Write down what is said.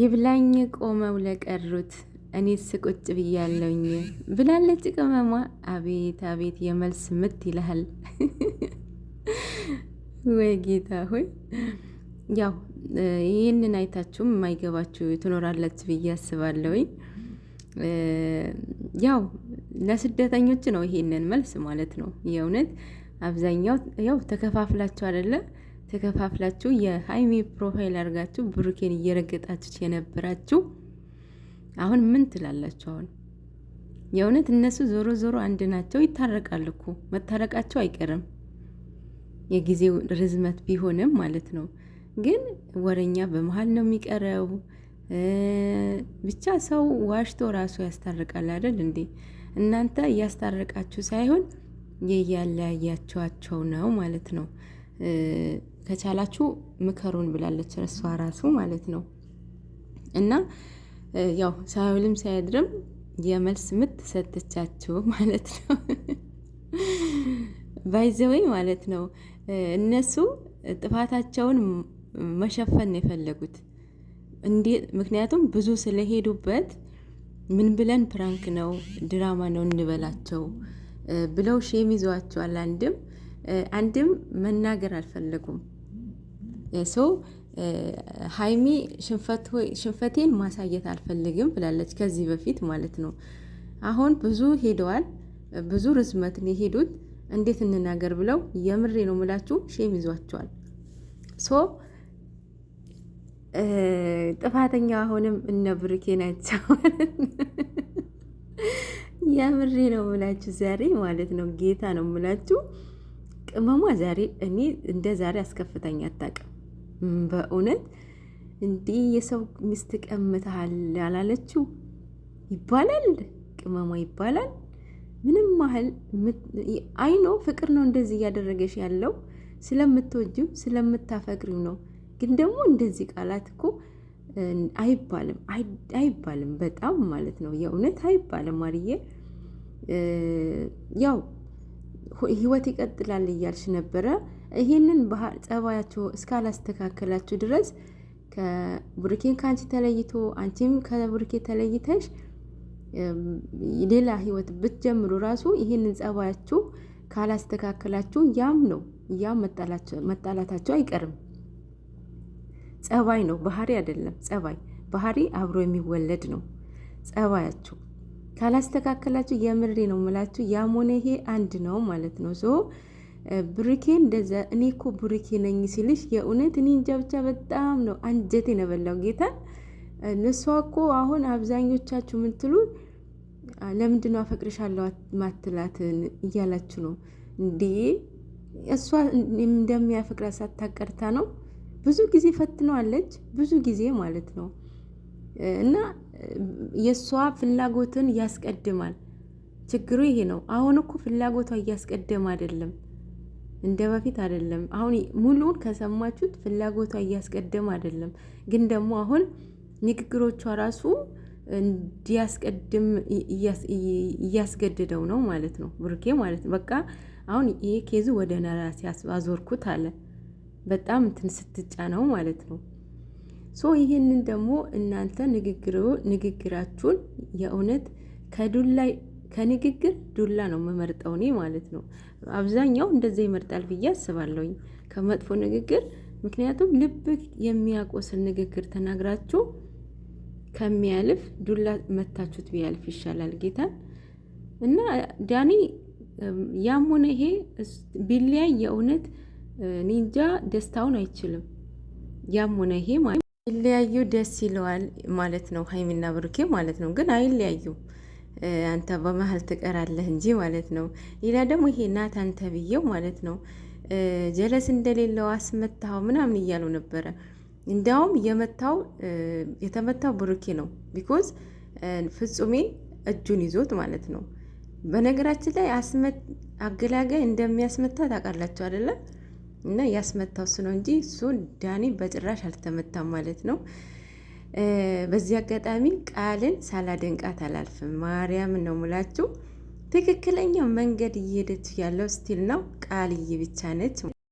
ይብላኝ ቆመው ለቀሩት እኔ ስቁጭ ብያለውኝ ብላለች ቅመሟ። አቤት አቤት የመልስ ምት ይልሃል ወይ ጌታ ሆይ። ያው ይህንን አይታችሁም የማይገባችሁ ትኖራላችሁ ብዬ አስባለሁኝ። ያው ለስደተኞች ነው ይሄንን መልስ ማለት ነው። የእውነት አብዛኛው ያው ተከፋፍላችሁ አይደለ ተከፋፍላችሁ የሀይሚ ፕሮፋይል አድርጋችሁ ብሩኬን እየረገጣችሁ የነበራችሁ አሁን ምን ትላላችሁ? አሁን የእውነት እነሱ ዞሮ ዞሮ አንድ ናቸው፣ ይታረቃልኩ እኮ መታረቃቸው አይቀርም። የጊዜው ርዝመት ቢሆንም ማለት ነው። ግን ወረኛ በመሀል ነው የሚቀረው። ብቻ ሰው ዋሽቶ ራሱ ያስታርቃል አይደል እንዴ? እናንተ እያስታረቃችሁ ሳይሆን የያለያያችኋቸው ነው ማለት ነው። ከቻላችሁ ምከሩን ብላለች እሷ ራሱ ማለት ነው። እና ያው ሳይውልም ሳያድርም የመልስ ምት ሰጥቻችሁ ማለት ነው። ባይዘወይ ማለት ነው። እነሱ ጥፋታቸውን መሸፈን የፈለጉት። ምክንያቱም ብዙ ስለሄዱበት ምን ብለን ፕራንክ ነው ድራማ ነው እንበላቸው ብለው ሼም ይዘዋቸዋል አንድም አንድም መናገር አልፈለጉም። ሰው ሀይሚ ሽንፈቴን ማሳየት አልፈልግም ብላለች፣ ከዚህ በፊት ማለት ነው። አሁን ብዙ ሄደዋል፣ ብዙ ርዝመትን የሄዱት እንዴት እንናገር ብለው የምሬ ነው ምላችሁ ሼም ይዟቸዋል። ሶ ጥፋተኛ አሁንም እነ ብሩኬ ናቸው። የምሬ ነው ምላችሁ ዛሬ ማለት ነው ጌታ ነው ምላችሁ ቅመሟ ዛሬ እኔ እንደ ዛሬ አስከፍተኛ አታውቅም። በእውነት እንዲህ የሰው ሚስት ቀምተሃል አላለችው ይባላል፣ ቅመሟ ይባላል። ምንም ያህል አይኖ ፍቅር ነው እንደዚህ እያደረገሽ ያለው ስለምትወጂው ስለምታፈቅሪው ነው። ግን ደግሞ እንደዚህ ቃላት እኮ አይባልም አይባልም፣ በጣም ማለት ነው የእውነት አይባልም። ማርዬ ያው ህይወት ይቀጥላል እያልሽ ነበረ። ይህንን ጸባያቸው እስካላስተካከላችሁ ድረስ ከብሩኬን ከአንቺ ተለይቶ አንቺም ከቡርኬ ተለይተሽ ሌላ ህይወት ብትጀምሩ ራሱ ይህንን ጸባያችሁ ካላስተካከላችሁ ያም ነው ያም መጣላታቸው አይቀርም። ጸባይ ነው ባህሪ አይደለም። ጸባይ ባህሪ አብሮ የሚወለድ ነው ጸባያችሁ ካላስተካከላችሁ የምሬ ነው ምላችሁ ያም ሆነ ይሄ አንድ ነው ማለት ነው። ሶ ብሩኬ እንደዛ እኔ እኮ ብሩኬ ነኝ ሲልሽ የእውነት እኔ እንጃ ብቻ በጣም ነው አንጀቴ ነበላው ጌታ። እሷ እኮ አሁን አብዛኞቻችሁ ምትሉ ለምንድን ነው አፈቅርሻለሁ ማትላትን እያላችሁ ነው እንዴ? እሷ እንደሚያፈቅራት ሳታቀርታ ነው። ብዙ ጊዜ ፈትነዋለች፣ ብዙ ጊዜ ማለት ነው። እና የእሷ ፍላጎትን ያስቀድማል። ችግሩ ይሄ ነው። አሁን እኮ ፍላጎቷ እያስቀደመ አይደለም፣ እንደ በፊት አይደለም። አሁን ሙሉውን ከሰማችሁት ፍላጎቷ እያስቀደመ አይደለም። ግን ደግሞ አሁን ንግግሮቿ ራሱ እንዲያስቀድም እያስገድደው ነው ማለት ነው፣ ብሩኬ ማለት ነው። በቃ አሁን ይሄ ኬዙ ወደ ነራሴ አዞርኩት አለ። በጣም እንትን ነው ማለት ነው። ሶ ይህንን ደግሞ እናንተ ንግግራችሁን የእውነት ከዱላ ከንግግር ዱላ ነው የምመርጠው እኔ ማለት ነው። አብዛኛው እንደዚህ ይመርጣል ብዬ አስባለሁኝ ከመጥፎ ንግግር። ምክንያቱም ልብ የሚያቆስል ንግግር ተናግራችሁ ከሚያልፍ ዱላ መታችሁት ቢያልፍ ይሻላል ጌታን እና ዳኒ ያም ሆነ ይሄ ቢለያይ የእውነት ኒንጃ ደስታውን አይችልም። ያም ሆነ ይሄ ማለት ይለያዩ ደስ ይለዋል ማለት ነው። ሀይሚና ብሩኬ ማለት ነው። ግን አይለያዩ አንተ በመሀል ትቀራለህ እንጂ ማለት ነው። ሌላ ደግሞ ይሄ ናት አንተ ብዬው ማለት ነው ጀለስ እንደሌለው አስመታው ምናምን እያሉ ነበረ። እንዲያውም የመታው የተመታው ብሩኬ ነው። ቢኮዝ ፍጹሜ እጁን ይዞት ማለት ነው። በነገራችን ላይ አስመት አገላጋይ እንደሚያስመታ ታውቃላችሁ አይደለም? እና ያስመታው እሱ ነው እንጂ እሱን ዳኒ በጭራሽ አልተመታም ማለት ነው። በዚህ አጋጣሚ ቃልን ሳላደንቃት አላልፍም። ማርያም ነው ሙላችሁ ትክክለኛው መንገድ እየሄደች ያለው ስቲል ነው ቃልዬ ብቻ ነች።